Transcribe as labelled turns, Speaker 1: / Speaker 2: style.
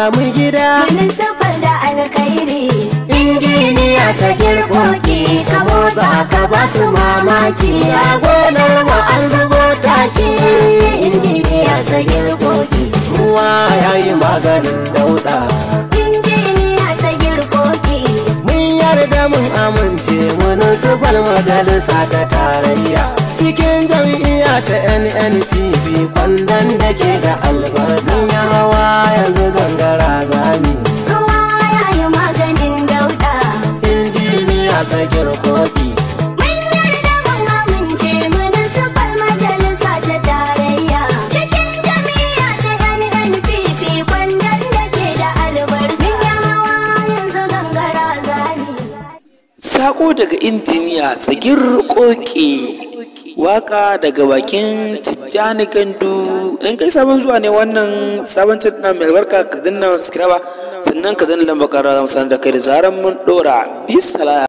Speaker 1: samu gida Wani da alkairi Injiniya sa girkoki Ka motsa ka ba su mamaki A gonar wa an zubo taki Injiniya sa girkoki Ruwa ya yi maganin dauda
Speaker 2: Injiniya sa girkoki Mun yarda mun amince Wani sufar majalisa ta tarayya Cikin jam'iyya ta NNPP kwandon da ke da Allah kasa
Speaker 3: girkoki Sako daga injiniya tsagir koke waka daga bakin tijjani gandu in kai sabon zuwa ne wannan sabon tattalin mai albarka ka danna subscribe sannan ka dinna lambar kara sanar da kai da zaran mun dora bisalaya